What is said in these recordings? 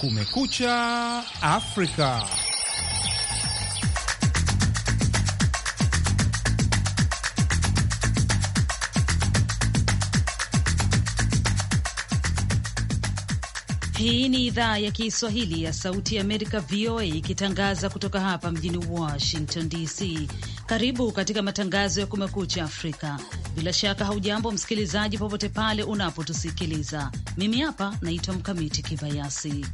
Kumekucha Afrika. Hii ni idhaa ya Kiswahili ya Sauti ya Amerika, VOA, ikitangaza kutoka hapa mjini Washington DC. Karibu katika matangazo ya Kumekucha Afrika. Bila shaka haujambo msikilizaji, popote pale unapotusikiliza. Mimi hapa naitwa Mkamiti Kibayasi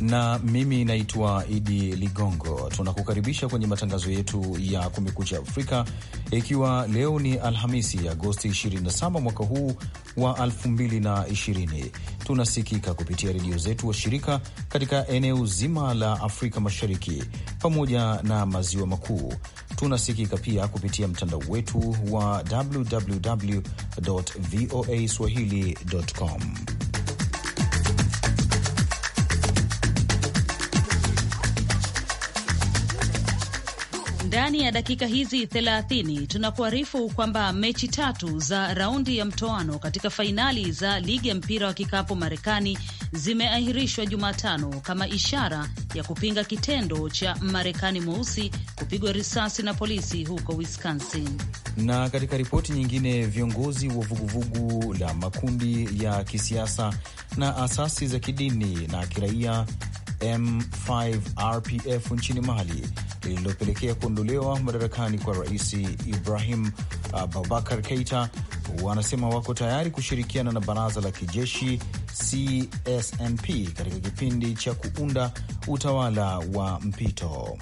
na mimi naitwa Idi Ligongo. Tunakukaribisha kwenye matangazo yetu ya Kumekucha Afrika, ikiwa leo ni Alhamisi, Agosti 27 mwaka huu wa 2020. Tunasikika kupitia redio zetu wa shirika katika eneo zima la Afrika Mashariki pamoja na Maziwa Makuu. Tunasikika pia kupitia mtandao wetu wa www voa swahili.com. Ndani ya dakika hizi 30 tunakuarifu kwamba mechi tatu za raundi ya mtoano katika fainali za ligi ya mpira wa kikapu Marekani zimeahirishwa Jumatano kama ishara ya kupinga kitendo cha Marekani mweusi kupigwa risasi na polisi huko Wisconsin. Na katika ripoti nyingine, viongozi wa vuguvugu la makundi ya kisiasa na asasi za kidini na kiraia M5 RPF nchini Mali lililopelekea kuondolewa madarakani kwa Rais Ibrahim uh, Babakar Keita, wanasema wako tayari kushirikiana na baraza la kijeshi CSNP katika kipindi cha kuunda utawala wa mpito.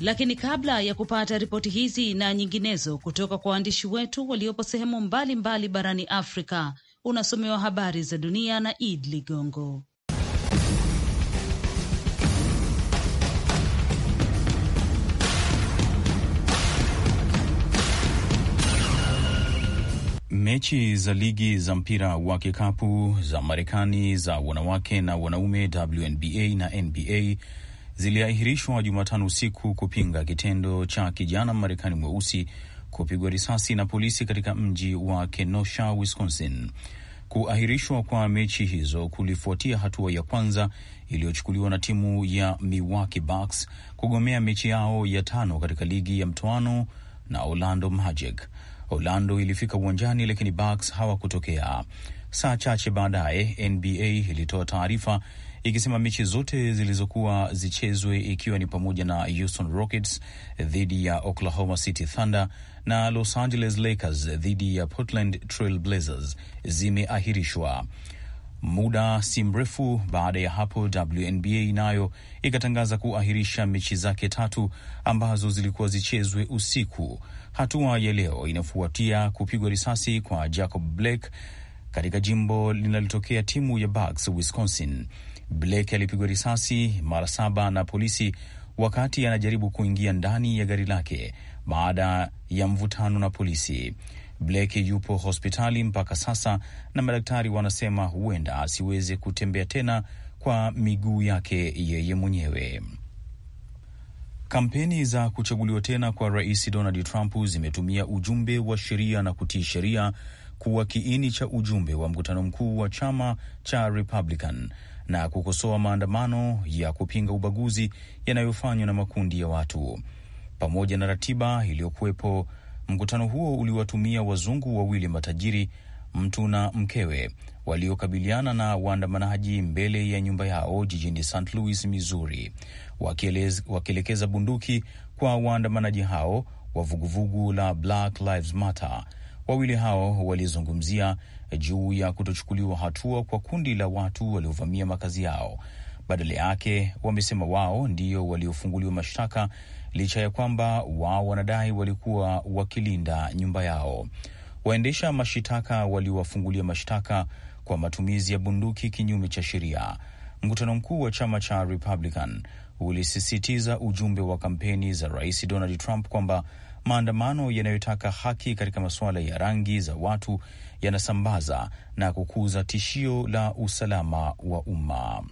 Lakini kabla ya kupata ripoti hizi na nyinginezo kutoka kwa waandishi wetu waliopo sehemu mbalimbali barani Afrika, unasomewa habari za dunia na Id Ligongo. Mechi za ligi za mpira wa kikapu za Marekani za wanawake na wanaume WNBA na NBA ziliahirishwa Jumatano usiku kupinga kitendo cha kijana Marekani mweusi kupigwa risasi na polisi katika mji wa Kenosha, Wisconsin. Kuahirishwa kwa mechi hizo kulifuatia hatua ya kwanza iliyochukuliwa na timu ya Milwaukee Bucks kugomea mechi yao ya tano katika ligi ya mtoano na Orlando Magic. Orlando ilifika uwanjani lakini Bucks hawakutokea. Saa chache baadaye NBA ilitoa taarifa ikisema mechi zote zilizokuwa zichezwe ikiwa ni pamoja na Houston Rockets dhidi ya Oklahoma City Thunder na Los Angeles Lakers dhidi ya Portland Trail Blazers zimeahirishwa. Muda si mrefu baada ya hapo, WNBA nayo ikatangaza kuahirisha mechi zake tatu ambazo zilikuwa zichezwe usiku Hatua ya leo inafuatia kupigwa risasi kwa Jacob Blake katika jimbo linalotokea timu ya Bucks, Wisconsin. Blake alipigwa risasi mara saba na polisi wakati anajaribu kuingia ndani ya gari lake baada ya mvutano na polisi. Blake yupo hospitali mpaka sasa na madaktari wanasema huenda asiweze kutembea tena kwa miguu yake yeye mwenyewe. Kampeni za kuchaguliwa tena kwa Rais Donald Trump zimetumia ujumbe wa sheria na kutii sheria kuwa kiini cha ujumbe wa mkutano mkuu wa chama cha Republican na kukosoa maandamano ya kupinga ubaguzi yanayofanywa na makundi ya watu. Pamoja na ratiba iliyokuwepo, mkutano huo uliwatumia wazungu wawili matajiri, mtu na mkewe, waliokabiliana na waandamanaji mbele ya nyumba yao jijini St. Louis, Missouri, wakielekeza bunduki kwa waandamanaji hao wa vuguvugu la Black Lives Matter. Wawili hao walizungumzia juu ya kutochukuliwa hatua kwa kundi la watu waliovamia makazi yao. Badala yake wamesema wao ndio waliofunguliwa mashtaka licha ya kwamba wao wanadai walikuwa wakilinda nyumba yao. Waendesha mashitaka waliwafungulia mashtaka kwa matumizi ya bunduki kinyume cha sheria. Mkutano mkuu wa chama cha Republican ulisisitiza ujumbe wa kampeni za Rais Donald Trump kwamba maandamano yanayotaka haki katika masuala ya rangi za watu yanasambaza na kukuza tishio la usalama wa umma.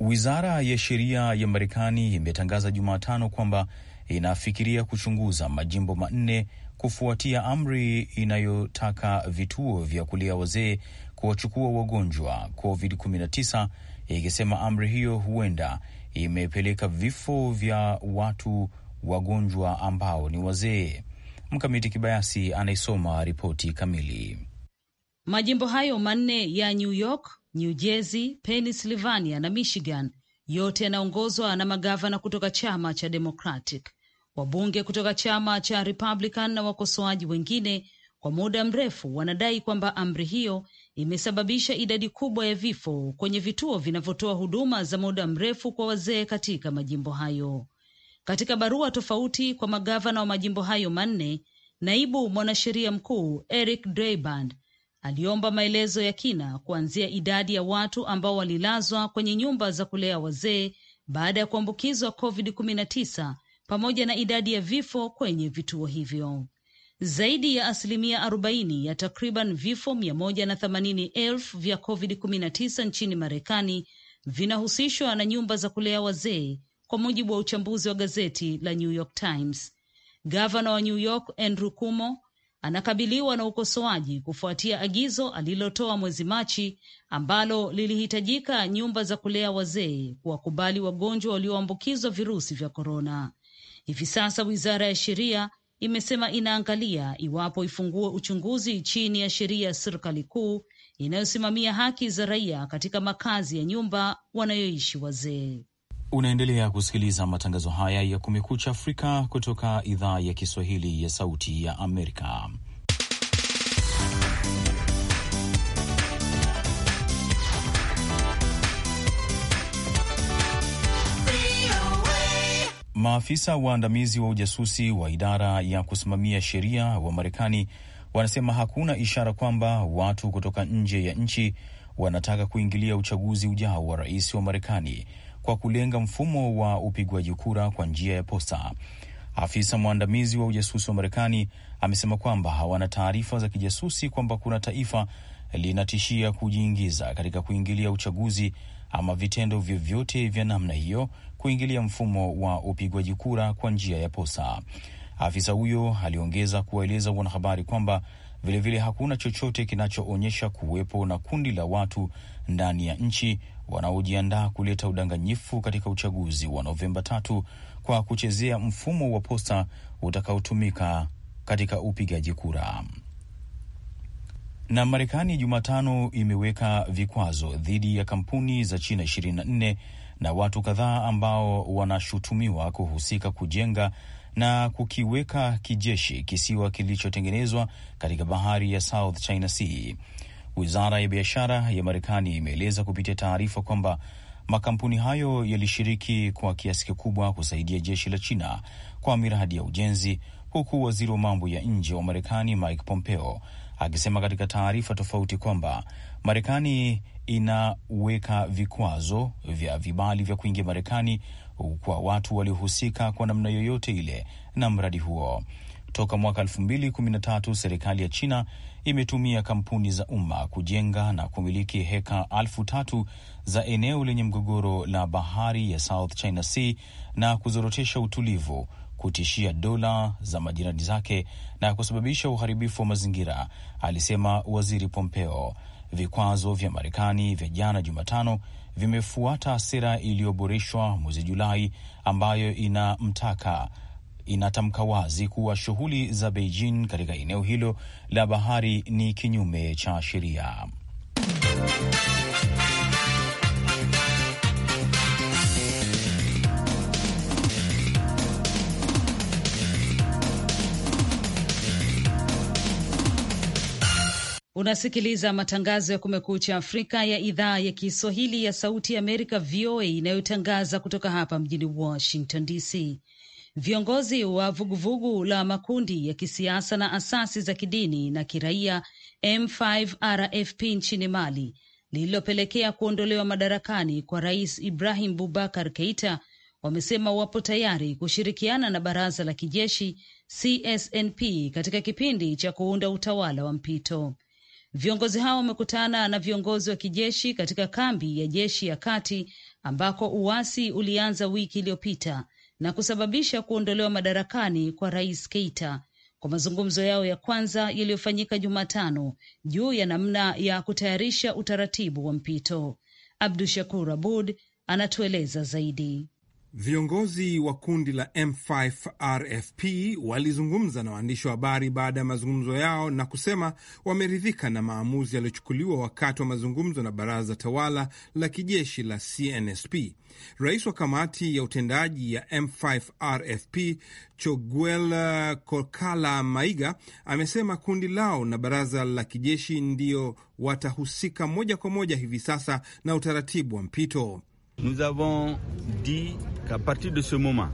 Wizara ya Sheria ya Marekani imetangaza Jumatano kwamba inafikiria kuchunguza majimbo manne kufuatia amri inayotaka vituo vya kulia wazee kuwachukua wagonjwa COVID-19, ikisema amri hiyo huenda imepeleka vifo vya watu wagonjwa ambao ni wazee. Mkamiti Kibayasi anaisoma ripoti kamili. Majimbo hayo manne ya New York, New Jersey, Pennsylvania na Michigan yote yanaongozwa na magavana kutoka chama cha Democratic. Wabunge kutoka chama cha Republican na wakosoaji wengine kwa muda mrefu wanadai kwamba amri hiyo imesababisha idadi kubwa ya vifo kwenye vituo vinavyotoa huduma za muda mrefu kwa wazee katika majimbo hayo. Katika barua tofauti kwa magavana wa majimbo hayo manne, naibu mwanasheria mkuu Eric Dreiband aliomba maelezo ya kina kuanzia idadi ya watu ambao walilazwa kwenye nyumba za kulea wazee baada ya kuambukizwa COVID-19 pamoja na idadi ya vifo kwenye vituo hivyo. Zaidi ya asilimia 40 ya takriban vifo mia vya COVID-19 nchini Marekani vinahusishwa na nyumba za kulea wazee, kwa mujibu wa uchambuzi wa gazeti la New York Times. Gavana wa New York Andrew Cuomo anakabiliwa na ukosoaji kufuatia agizo alilotoa mwezi Machi ambalo lilihitajika nyumba za kulea wazee kuwakubali wagonjwa walioambukizwa virusi vya korona. Hivi sasa wizara ya sheria imesema inaangalia iwapo ifungue uchunguzi chini ya sheria ya serikali kuu inayosimamia haki za raia katika makazi ya nyumba wanayoishi wazee. Unaendelea kusikiliza matangazo haya ya Kumekucha Afrika kutoka idhaa ya Kiswahili ya Sauti ya Amerika. Maafisa waandamizi wa ujasusi wa idara ya kusimamia sheria wa Marekani wanasema hakuna ishara kwamba watu kutoka nje ya nchi wanataka kuingilia uchaguzi ujao wa rais wa Marekani kwa kulenga mfumo wa upigwaji kura kwa njia ya posta. Afisa mwandamizi wa ujasusi wa Marekani amesema kwamba hawana taarifa za kijasusi kwamba kuna taifa linatishia kujiingiza katika kuingilia uchaguzi ama vitendo vyovyote vya namna hiyo kuingilia mfumo wa upigwaji kura kwa njia ya posa Afisa huyo aliongeza kuwaeleza wanahabari kwamba vilevile hakuna chochote kinachoonyesha kuwepo na kundi la watu ndani ya nchi wanaojiandaa kuleta udanganyifu katika uchaguzi wa Novemba tatu kwa kuchezea mfumo wa posta utakaotumika katika upigaji kura. Na Marekani Jumatano imeweka vikwazo dhidi ya kampuni za China na watu kadhaa ambao wanashutumiwa kuhusika kujenga na kukiweka kijeshi kisiwa kilichotengenezwa katika bahari ya South China Sea. Wizara ya biashara ya Marekani imeeleza kupitia taarifa kwamba makampuni hayo yalishiriki kwa kiasi kikubwa kusaidia jeshi la China kwa miradi ya ujenzi, huku waziri wa mambo ya nje wa Marekani Mike Pompeo akisema katika taarifa tofauti kwamba Marekani inaweka vikwazo vya vibali vya kuingia Marekani kwa watu waliohusika kwa namna yoyote ile na mradi huo. Toka mwaka 2013 serikali ya China imetumia kampuni za umma kujenga na kumiliki heka elfu tatu za eneo lenye mgogoro la bahari ya South China Sea na kuzorotesha utulivu, kutishia dola za majirani zake na kusababisha uharibifu wa mazingira, alisema Waziri Pompeo. Vikwazo vya Marekani vya jana Jumatano vimefuata sera iliyoboreshwa mwezi Julai ambayo inamtaka inatamka wazi kuwa shughuli za Beijing katika eneo hilo la bahari ni kinyume cha sheria. Unasikiliza matangazo ya Kumekucha Afrika ya idhaa ya Kiswahili ya Sauti ya Amerika, VOA, inayotangaza kutoka hapa mjini Washington DC. Viongozi wa vuguvugu la makundi ya kisiasa na asasi za kidini na kiraia M5 RFP nchini Mali, lililopelekea kuondolewa madarakani kwa Rais Ibrahim bubakar Keita, wamesema wapo tayari kushirikiana na baraza la kijeshi CSNP katika kipindi cha kuunda utawala wa mpito. Viongozi hao wamekutana na viongozi wa kijeshi katika kambi ya jeshi ya kati ambako uasi ulianza wiki iliyopita na kusababisha kuondolewa madarakani kwa Rais Keita kwa mazungumzo yao ya kwanza yaliyofanyika Jumatano juu ya namna ya kutayarisha utaratibu wa mpito. Abdu Shakur Abud anatueleza zaidi. Viongozi wa kundi la M5 RFP walizungumza na waandishi wa habari baada ya mazungumzo yao na kusema wameridhika na maamuzi yaliyochukuliwa wakati wa mazungumzo na baraza tawala la kijeshi la CNSP. Rais wa kamati ya utendaji ya M5 RFP Choguel Kokala Maiga amesema kundi lao na baraza la kijeshi ndio watahusika moja kwa moja hivi sasa na utaratibu wa mpito. Nous avons dit qu'à partir de ce moment,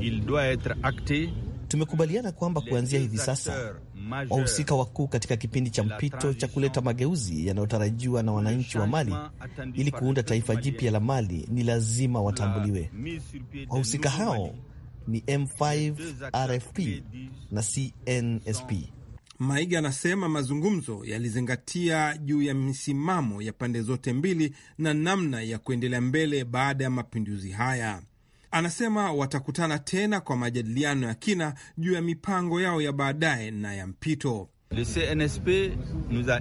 il doit être acté. Tumekubaliana kwamba kuanzia hivi sasa wahusika wakuu katika kipindi cha mpito cha kuleta mageuzi yanayotarajiwa na wananchi wa Mali ili kuunda taifa jipya la Mali ni lazima watambuliwe. Wahusika hao ni M5 RFP na CNSP Maiga anasema mazungumzo yalizingatia juu ya misimamo ya pande zote mbili na namna ya kuendelea mbele baada ya mapinduzi haya. Anasema watakutana tena kwa majadiliano ya kina juu ya mipango yao ya baadaye na ya mpito. Le CNSP nous a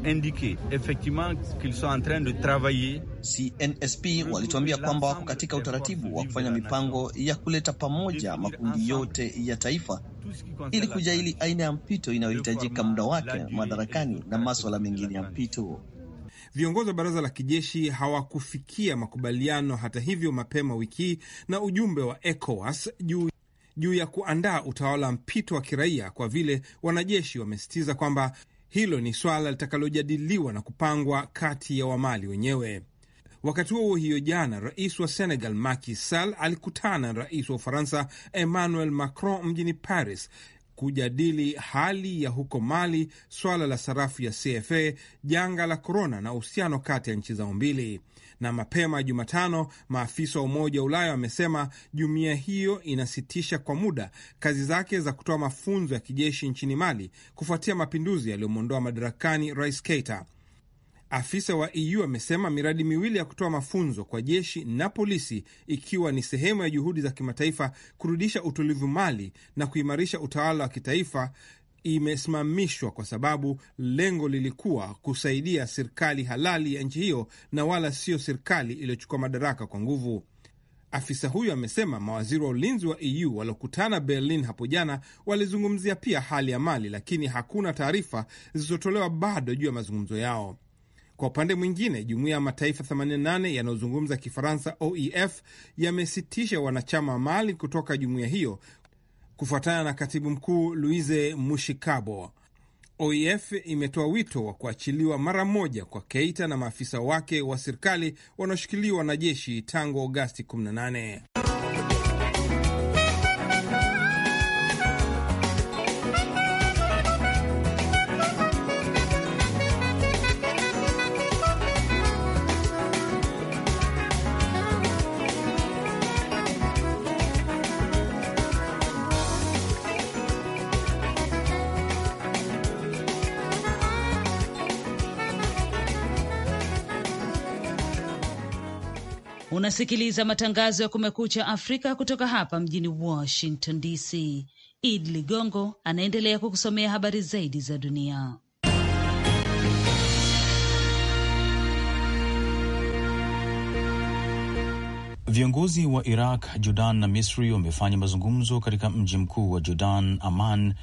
effectivement qu'ils sont en train de travailler. CNSP walituambia kwamba wako katika utaratibu wa kufanya mipango ya kuleta pamoja makundi yote ya taifa ili kujaili aina ya mpito inayohitajika muda wake madarakani na maswala mengine ya mpito. Viongozi wa baraza la kijeshi hawakufikia makubaliano hata hivyo, mapema wiki hii na ujumbe wa ECOWAS juu juu ya kuandaa utawala wa mpito wa kiraia, kwa vile wanajeshi wamesisitiza kwamba hilo ni swala litakalojadiliwa na kupangwa kati ya Wamali wenyewe. Wakati huo hiyo, jana rais wa Senegal Macky Sall alikutana na rais wa Ufaransa Emmanuel Macron mjini Paris kujadili hali ya huko Mali, swala la sarafu ya CFA, janga la korona na uhusiano kati ya nchi zao mbili. Na mapema Jumatano, maafisa wa Umoja wa Ulaya wamesema jumuiya hiyo inasitisha kwa muda kazi zake za kutoa mafunzo ya kijeshi nchini Mali kufuatia mapinduzi yaliyomwondoa madarakani rais Keita. Afisa wa EU amesema miradi miwili ya kutoa mafunzo kwa jeshi na polisi ikiwa ni sehemu ya juhudi za kimataifa kurudisha utulivu Mali na kuimarisha utawala wa kitaifa imesimamishwa kwa sababu lengo lilikuwa kusaidia serikali halali ya nchi hiyo na wala sio serikali iliyochukua madaraka kwa nguvu. Afisa huyo amesema mawaziri wa ulinzi wa EU waliokutana Berlin hapo jana walizungumzia pia hali ya Mali, lakini hakuna taarifa zilizotolewa bado juu ya mazungumzo yao. Kwa upande mwingine, jumuiya ya mataifa 88 yanayozungumza Kifaransa, OEF, yamesitisha wanachama Mali kutoka jumuiya hiyo kufuatana na katibu mkuu Louise Mushikabo. OEF imetoa wito wa kuachiliwa mara moja kwa Keita na maafisa wake wa serikali wanaoshikiliwa na jeshi tangu Agosti 18. Unasikiliza matangazo ya Kumekucha Afrika kutoka hapa mjini Washington DC. Id Ligongo anaendelea kukusomea habari zaidi za dunia. Viongozi wa Iraq, Jordan na Misri wamefanya mazungumzo katika mji mkuu wa Jordan, aman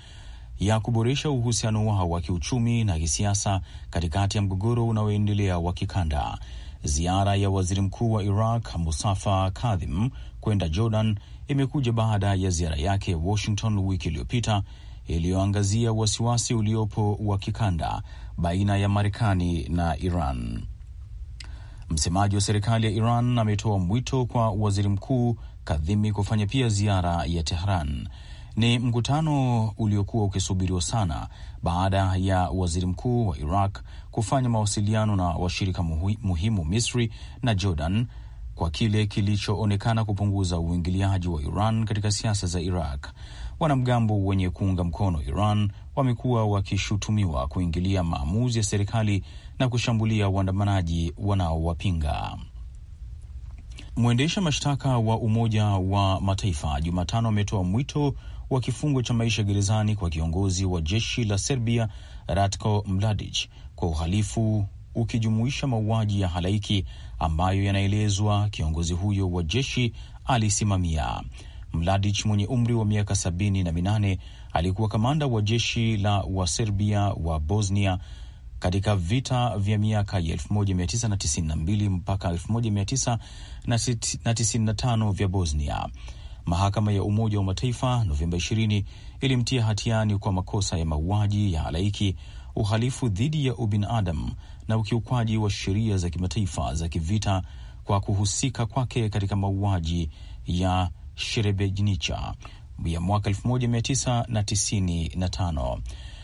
ya kuboresha uhusiano wao wa kiuchumi na kisiasa katikati ya mgogoro unaoendelea wa kikanda. Ziara ya waziri mkuu wa Iraq Mustafa Kadhim kwenda Jordan imekuja baada ya ziara yake Washington wiki iliyopita iliyoangazia wasiwasi uliopo wa kikanda baina ya Marekani na Iran. Msemaji wa serikali ya Iran ametoa mwito kwa waziri mkuu Kadhimi kufanya pia ziara ya Tehran. Ni mkutano uliokuwa ukisubiriwa sana baada ya waziri mkuu wa Iraq kufanya mawasiliano na washirika muhimu Misri na Jordan kwa kile kilichoonekana kupunguza uingiliaji wa Iran katika siasa za Iraq. Wanamgambo wenye kuunga mkono Iran wamekuwa wakishutumiwa kuingilia maamuzi ya serikali na kushambulia waandamanaji wanaowapinga. Mwendesha mashtaka wa Umoja wa Mataifa Jumatano ametoa mwito wa kifungo cha maisha gerezani kwa kiongozi wa jeshi la Serbia Ratko Mladic kwa uhalifu ukijumuisha mauaji ya halaiki ambayo yanaelezwa kiongozi huyo wa jeshi alisimamia. Mladic mwenye umri wa miaka sabini na minane alikuwa kamanda wa jeshi la Waserbia wa Bosnia katika vita vya miaka ya 1992 mpaka 1995 vya Bosnia. Mahakama ya Umoja wa Mataifa Novemba 20 ilimtia hatiani kwa makosa ya mauaji ya halaiki, uhalifu dhidi ya ubinadamu na ukiukwaji wa sheria za kimataifa za kivita kwa kuhusika kwake katika mauaji ya sherebejnicha ya mwaka 1995.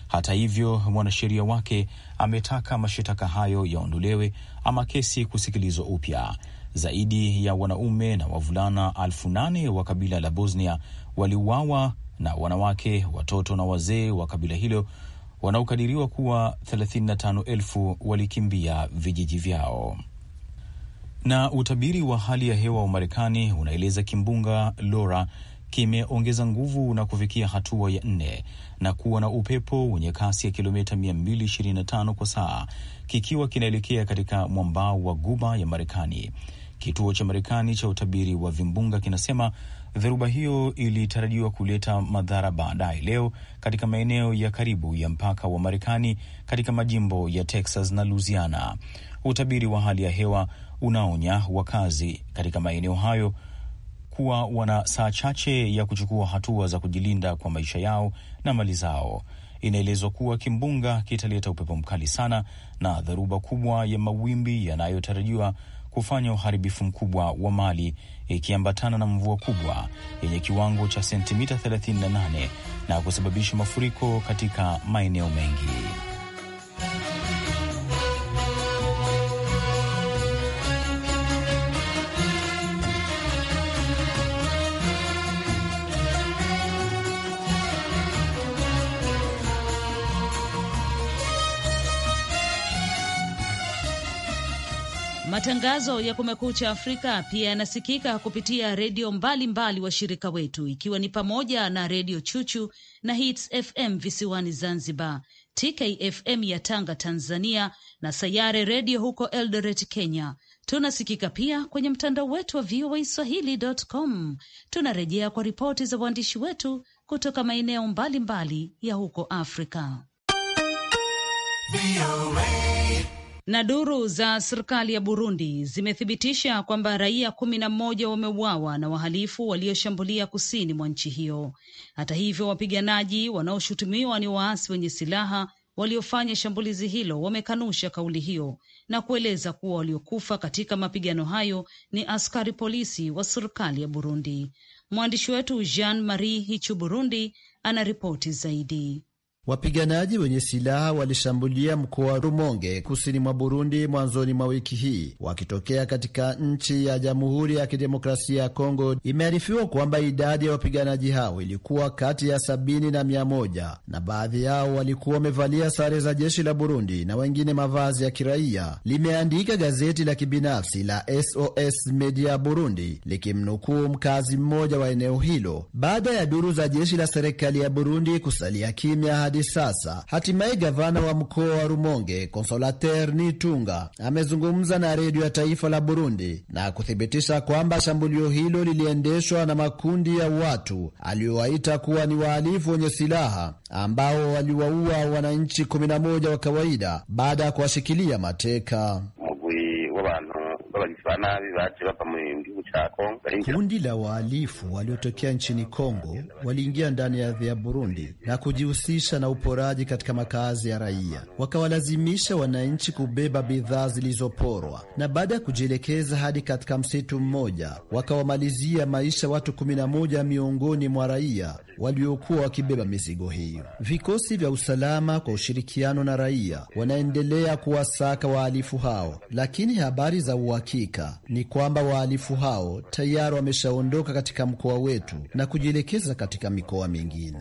Hata hivyo, mwanasheria wake ametaka mashitaka hayo yaondolewe ama kesi kusikilizwa upya. Zaidi ya wanaume na wavulana alfu nane wa kabila la Bosnia waliuawa na wanawake, watoto na wazee wa kabila hilo wanaokadiriwa kuwa 35,000 walikimbia vijiji vyao. Na utabiri wa hali ya hewa wa Marekani unaeleza kimbunga Laura kimeongeza nguvu na kufikia hatua ya nne na kuwa na upepo wenye kasi ya kilomita 225 kwa saa, kikiwa kinaelekea katika mwambao wa guba ya Marekani. Kituo cha Marekani cha utabiri wa vimbunga kinasema dhoruba hiyo ilitarajiwa kuleta madhara baadaye leo katika maeneo ya karibu ya mpaka wa Marekani katika majimbo ya Texas na Louisiana. Utabiri wa hali ya hewa unaonya wakazi katika maeneo hayo kuwa wana saa chache ya kuchukua hatua za kujilinda kwa maisha yao na mali zao. Inaelezwa kuwa kimbunga kitaleta upepo mkali sana na dharuba kubwa ya mawimbi yanayotarajiwa kufanya uharibifu mkubwa wa mali ikiambatana na mvua kubwa yenye kiwango cha sentimita 38 na kusababisha mafuriko katika maeneo mengi. Matangazo ya Kumekucha Afrika pia yanasikika kupitia redio mbalimbali washirika wetu, ikiwa ni pamoja na Redio Chuchu na Hits FM visiwani Zanzibar, TKFM ya Tanga, Tanzania, na Sayare Redio huko Eldoret, Kenya. Tunasikika pia kwenye mtandao wetu wa VOA Swahili.com. Tunarejea kwa ripoti za waandishi wetu kutoka maeneo mbalimbali ya huko Afrika. VOA. Na duru za serikali ya Burundi zimethibitisha kwamba raia kumi na mmoja wameuawa na wahalifu walioshambulia kusini mwa nchi hiyo. Hata hivyo, wapiganaji wanaoshutumiwa ni waasi wenye silaha waliofanya shambulizi hilo wamekanusha kauli hiyo na kueleza kuwa waliokufa katika mapigano hayo ni askari polisi wa serikali ya Burundi. Mwandishi wetu Jean Marie Hichu Burundi ana ripoti zaidi. Wapiganaji wenye silaha walishambulia mkoa wa Rumonge kusini mwa Burundi mwanzoni mwa wiki hii wakitokea katika nchi ya Jamhuri ya Kidemokrasia ya Kongo. Imearifiwa kwamba idadi ya wapiganaji hao ilikuwa kati ya sabini na mia moja na baadhi yao walikuwa wamevalia sare za jeshi la Burundi na wengine mavazi ya kiraia, limeandika gazeti la kibinafsi la SOS Media Burundi likimnukuu mkazi mmoja wa eneo hilo, baada ya duru za jeshi la serikali ya Burundi kusalia kimya hadi sasa. Hatimaye gavana wa mkoa wa Rumonge ni Nitunga amezungumza na redio ya taifa la Burundi na kuthibitisha kwamba shambulio hilo liliendeshwa na makundi ya watu aliyowaita kuwa ni wahalifu wenye silaha ambao waliwaua wananchi 11 wa kawaida baada ya kuwashikilia mateka ba nabi baje bava cha Kundi la wahalifu waliotokea nchini Kongo waliingia ndani ya ya Burundi na kujihusisha na uporaji katika makazi ya raia, wakawalazimisha wananchi kubeba bidhaa zilizoporwa, na baada ya kujielekeza hadi katika msitu mmoja wakawamalizia maisha watu kumi na moja miongoni mwa raia waliokuwa wakibeba mizigo hiyo. Vikosi vya usalama kwa ushirikiano na raia wanaendelea kuwasaka wahalifu hao, lakini habari za uhakika ni kwamba wahalifu hao tayari wameshaondoka katika mkoa wetu na kujielekeza katika mikoa mingine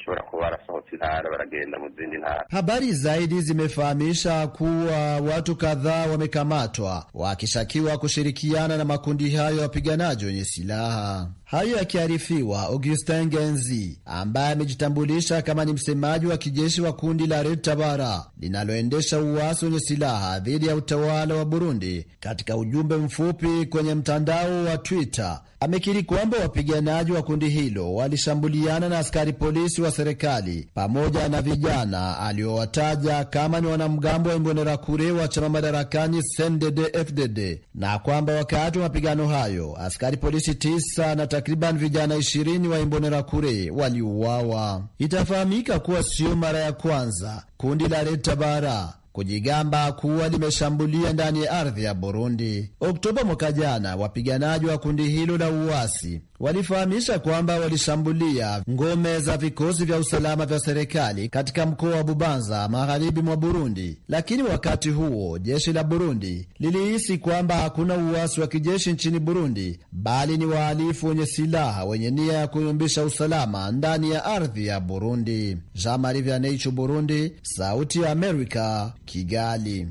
bashobora kuba barasohotse intara baragenda mu zindi ntara. Habari zaidi zimefahamisha kuwa watu kadhaa wamekamatwa wakishakiwa kushirikiana na makundi hayo ya wapiganaji wenye silaha. Hayo yakiarifiwa, Augustin Genzi ambaye amejitambulisha kama ni msemaji wa kijeshi wa kundi la Red Tabara linaloendesha uasi wenye silaha dhidi ya utawala wa Burundi, katika ujumbe mfupi kwenye mtandao wa Twitter amekiri kwamba wapiganaji wa kundi hilo walishambuliana na askari polisi wa wa serikali pamoja na vijana aliowataja kama ni wanamgambo wa kure wa chama madarakani CNDD FDD, na kwamba wakati wa mapigano hayo askari polisi tisa na takriban vijana ishirini wa kure waliuawa. Itafahamika kuwa siyo mara ya kwanza kundi la Retabara kujigamba kuwa limeshambulia ndani ya ardhi ya Burundi. Oktoba mwaka jana, wapiganaji wa kundi hilo la uasi walifahamisha kwamba walishambulia ngome za vikosi vya usalama vya serikali katika mkoa wa Bubanza, magharibi mwa Burundi. Lakini wakati huo jeshi la Burundi lilihisi kwamba hakuna uasi wa kijeshi nchini Burundi, bali ni wahalifu wenye silaha wenye nia ya kuyumbisha usalama ndani ya ardhi ya Burundi. Jean Marie Vianney, Burundi, Sauti ya Amerika. Kigali.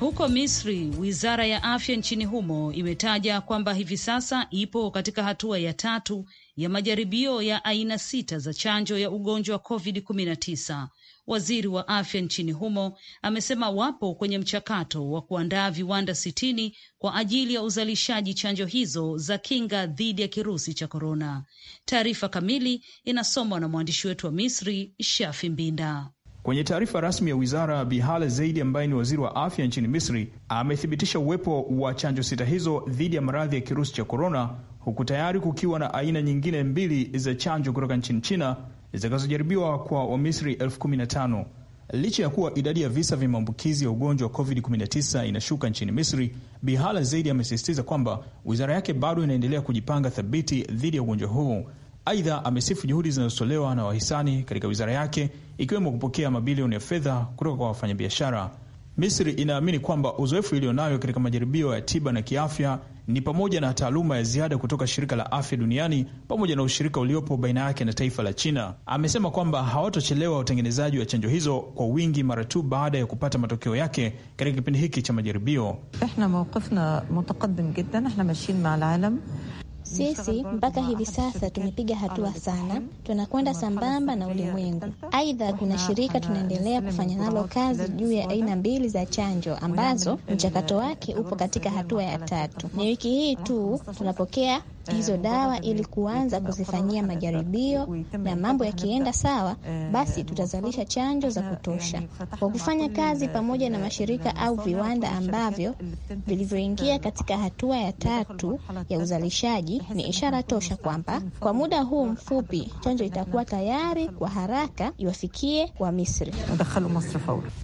Huko Misri, wizara ya afya nchini humo imetaja kwamba hivi sasa ipo katika hatua ya tatu ya majaribio ya aina sita za chanjo ya ugonjwa wa COVID-19 Waziri wa afya nchini humo amesema wapo kwenye mchakato wa kuandaa viwanda sitini kwa ajili ya uzalishaji chanjo hizo za kinga dhidi ya kirusi cha korona. Taarifa kamili inasomwa na mwandishi wetu wa Misri, Shafi Mbinda. Kwenye taarifa rasmi ya wizara, Bihale Zaidi ambaye ni waziri wa afya nchini Misri amethibitisha uwepo wa chanjo sita hizo dhidi ya maradhi ya kirusi cha korona, huku tayari kukiwa na aina nyingine mbili za chanjo kutoka nchini China zitakazojaribiwa kwa Wamisri elfu kumi na tano. Licha ya kuwa idadi ya visa vya maambukizi ya ugonjwa wa covid-19 inashuka nchini Misri, Bihala Zaidi amesisitiza kwamba wizara yake bado inaendelea kujipanga thabiti dhidi ya ugonjwa huu. Aidha, amesifu juhudi zinazotolewa na wahisani katika wizara yake, ikiwemo kupokea mabilioni ya fedha kutoka kwa wafanyabiashara. Misri inaamini kwamba uzoefu iliyonayo katika majaribio ya tiba na kiafya ni pamoja na taaluma ya ziada kutoka shirika la afya duniani pamoja na ushirika uliopo baina yake na taifa la China. Amesema kwamba hawatochelewa utengenezaji wa chanjo hizo kwa wingi mara tu baada ya kupata matokeo yake katika kipindi hiki cha majaribio. Sisi mpaka hivi sasa tumepiga hatua sana, tunakwenda sambamba na ulimwengu. Aidha, kuna shirika tunaendelea kufanya nalo kazi juu ya aina mbili za chanjo ambazo mchakato wake upo katika hatua ya tatu. Ni wiki hii tu tunapokea Eh, hizo dawa ili kuanza kuzifanyia majaribio, na mambo yakienda sawa, eh, basi tutazalisha chanjo za eh, kutosha kwa kufanya kazi pamoja na mashirika au viwanda ambavyo vilivyoingia katika hatua ya tatu ya uzalishaji. Ni ishara tosha kwamba kwa muda huu mfupi chanjo itakuwa tayari kwa haraka iwafikie wa Misri.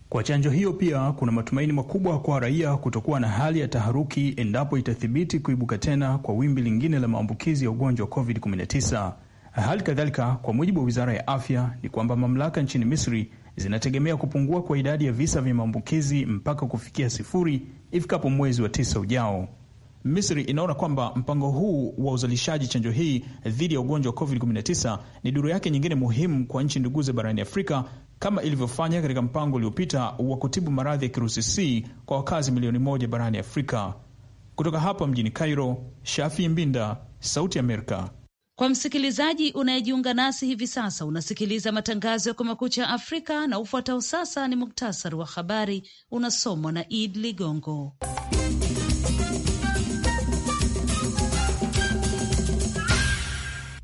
Kwa chanjo hiyo pia kuna matumaini makubwa kwa raia kutokuwa na hali ya taharuki endapo itathibiti kuibuka tena kwa wimbi lingine la la maambukizi ya ugonjwa wa COVID-19. Hali kadhalika, kwa mujibu wa wizara ya afya, ni kwamba mamlaka nchini Misri zinategemea kupungua kwa idadi ya visa vya maambukizi mpaka kufikia sifuri ifikapo mwezi wa tisa ujao. Misri inaona kwamba mpango huu wa uzalishaji chanjo hii dhidi ya ugonjwa wa COVID-19 ni duru yake nyingine muhimu kwa nchi nduguze barani Afrika kama ilivyofanya katika mpango uliopita wa kutibu maradhi ya kirusi C kwa wakazi milioni moja barani Afrika. Kutoka hapa mjini Cairo, Shafi Mbinda, Sauti Amerika. Kwa msikilizaji unayejiunga nasi hivi sasa, unasikiliza matangazo ya Kumekucha Afrika na ufuatao sasa ni muktasari wa habari unasomwa na Id Ligongo.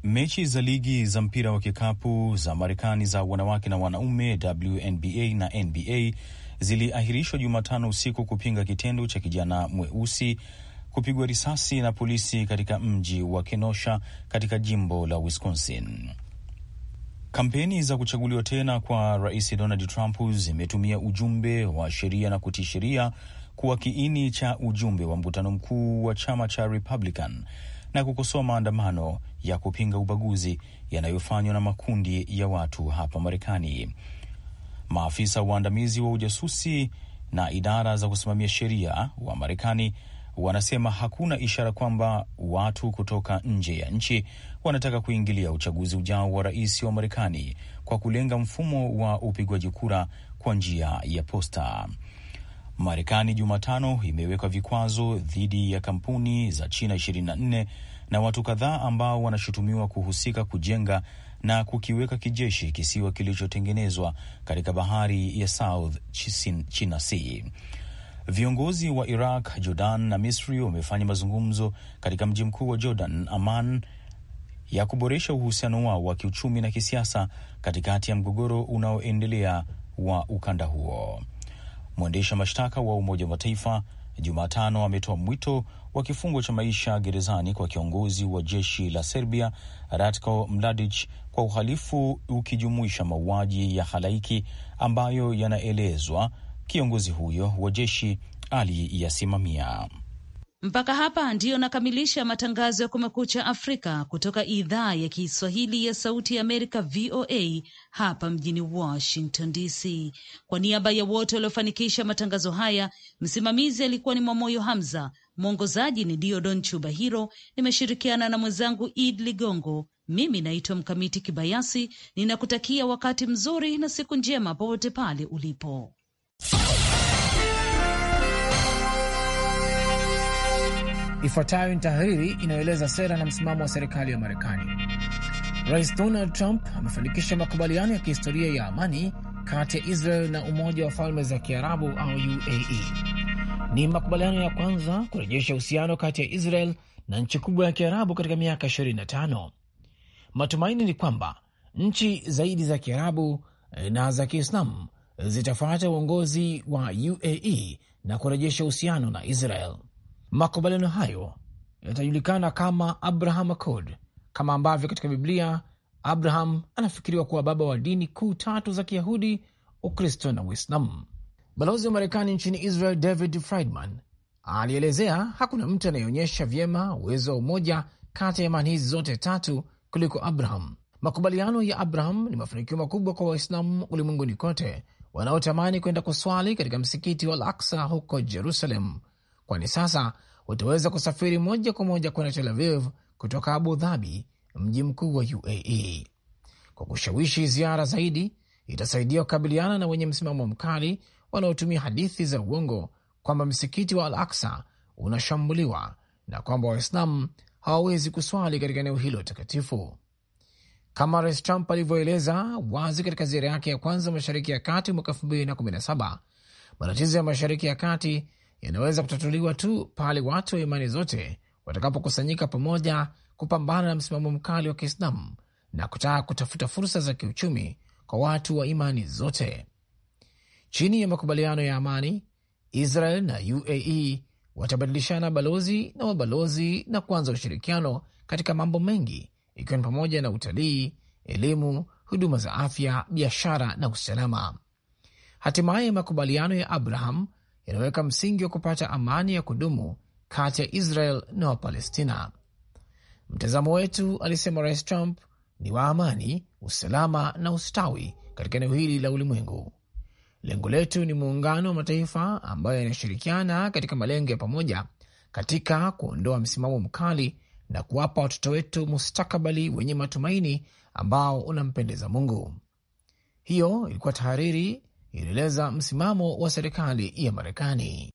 Mechi za ligi za mpira wa kikapu za Marekani za wanawake na wanaume WNBA na NBA ziliahirishwa Jumatano usiku kupinga kitendo cha kijana mweusi kupigwa risasi na polisi katika mji wa Kenosha katika jimbo la Wisconsin. Kampeni za kuchaguliwa tena kwa Rais Donald Trump zimetumia ujumbe wa sheria na kutii sheria kuwa kiini cha ujumbe wa mkutano mkuu wa chama cha Republican na kukosoa maandamano ya kupinga ubaguzi yanayofanywa na makundi ya watu hapa Marekani. Maafisa waandamizi wa ujasusi na idara za kusimamia sheria wa Marekani wanasema hakuna ishara kwamba watu kutoka nje ya nchi wanataka kuingilia uchaguzi ujao wa rais wa Marekani kwa kulenga mfumo wa upigwaji kura kwa njia ya posta. Marekani Jumatano imeweka vikwazo dhidi ya kampuni za China 24 na watu kadhaa ambao wanashutumiwa kuhusika kujenga na kukiweka kijeshi kisiwa kilichotengenezwa katika bahari ya South China Sea. Viongozi wa Iraq, Jordan na Misri wamefanya mazungumzo katika mji mkuu wa Jordan, aman ya kuboresha uhusiano wao wa kiuchumi na kisiasa katikati ya mgogoro unaoendelea wa ukanda huo. Mwendesha mashtaka wa Umoja wa Mataifa Jumatano ametoa mwito wa kifungo cha maisha gerezani kwa kiongozi wa jeshi la Serbia Ratko Mladic kwa uhalifu ukijumuisha mauaji ya halaiki ambayo yanaelezwa kiongozi huyo wa jeshi aliyasimamia. Mpaka hapa ndiyo nakamilisha matangazo ya Kumekucha Afrika kutoka idhaa ya Kiswahili ya Sauti ya Amerika, VOA, hapa mjini Washington DC. Kwa niaba ya wote waliofanikisha matangazo haya, msimamizi alikuwa ni Mwamoyo Hamza, mwongozaji ni Diodon Chubahiro, nimeshirikiana na mwenzangu Id Ligongo. Mimi naitwa Mkamiti Kibayasi, ninakutakia wakati mzuri na siku njema popote pale ulipo. Ifuatayo ni tahariri inayoeleza sera na msimamo wa serikali ya Marekani. Rais Donald Trump amefanikisha makubaliano ya kihistoria ya amani kati ya Israel na Umoja wa Falme za Kiarabu au UAE. Ni makubaliano ya kwanza kurejesha uhusiano kati ya Israel na nchi kubwa ya Kiarabu katika miaka 25. Matumaini ni kwamba nchi zaidi za Kiarabu eh, na za Kiislamu zitafuata uongozi wa UAE na kurejesha uhusiano na Israel. Makubaliano hayo yatajulikana kama Abraham Accord, kama ambavyo katika Biblia Abraham anafikiriwa kuwa baba wa dini kuu tatu za Kiyahudi, Ukristo na Uislamu. Balozi wa Marekani nchini Israel David Friedman alielezea hakuna mtu anayeonyesha vyema uwezo wa umoja kati ya imani hizi zote tatu kuliko Abraham. Makubaliano ya Abraham ni mafanikio makubwa kwa Waislamu ulimwenguni kote wanaotamani kwenda kuswali katika msikiti wa Al huko Jerusalem kwani sasa wataweza kusafiri moja kwa moja kwenda Tel Aviv kutoka Abu Dhabi, mji mkuu wa UAE. Kwa kushawishi ziara zaidi, itasaidia kukabiliana na wenye msimamo mkali wanaotumia hadithi za uongo kwamba msikiti wa Al Aksa unashambuliwa na kwamba Waislamu hawawezi kuswali katika eneo hilo takatifu. Kama Rais Trump alivyoeleza wazi katika ziara yake ya kwanza Mashariki ya Kati mwaka 2017, matatizo ya Mashariki ya Kati yanaweza kutatuliwa tu pale watu wa imani zote watakapokusanyika pamoja kupambana na msimamo mkali wa Kiislamu na kutaka kutafuta fursa za kiuchumi kwa watu wa imani zote. Chini ya makubaliano ya amani, Israel na UAE watabadilishana balozi na mabalozi na kuanza ushirikiano katika mambo mengi, ikiwa ni pamoja na utalii, elimu, huduma za afya, biashara na usalama. Hatimaye makubaliano ya Abraham inaweka msingi wa kupata amani ya kudumu kati ya Israel na Wapalestina. Mtazamo wetu, alisema Rais Trump, ni wa amani, usalama na ustawi katika eneo hili la ulimwengu. Lengo letu ni muungano wa mataifa ambayo yanashirikiana katika malengo ya pamoja katika kuondoa msimamo mkali na kuwapa watoto wetu mustakabali wenye matumaini ambao unampendeza Mungu. Hiyo ilikuwa tahariri inaeleza msimamo wa serikali ya Marekani.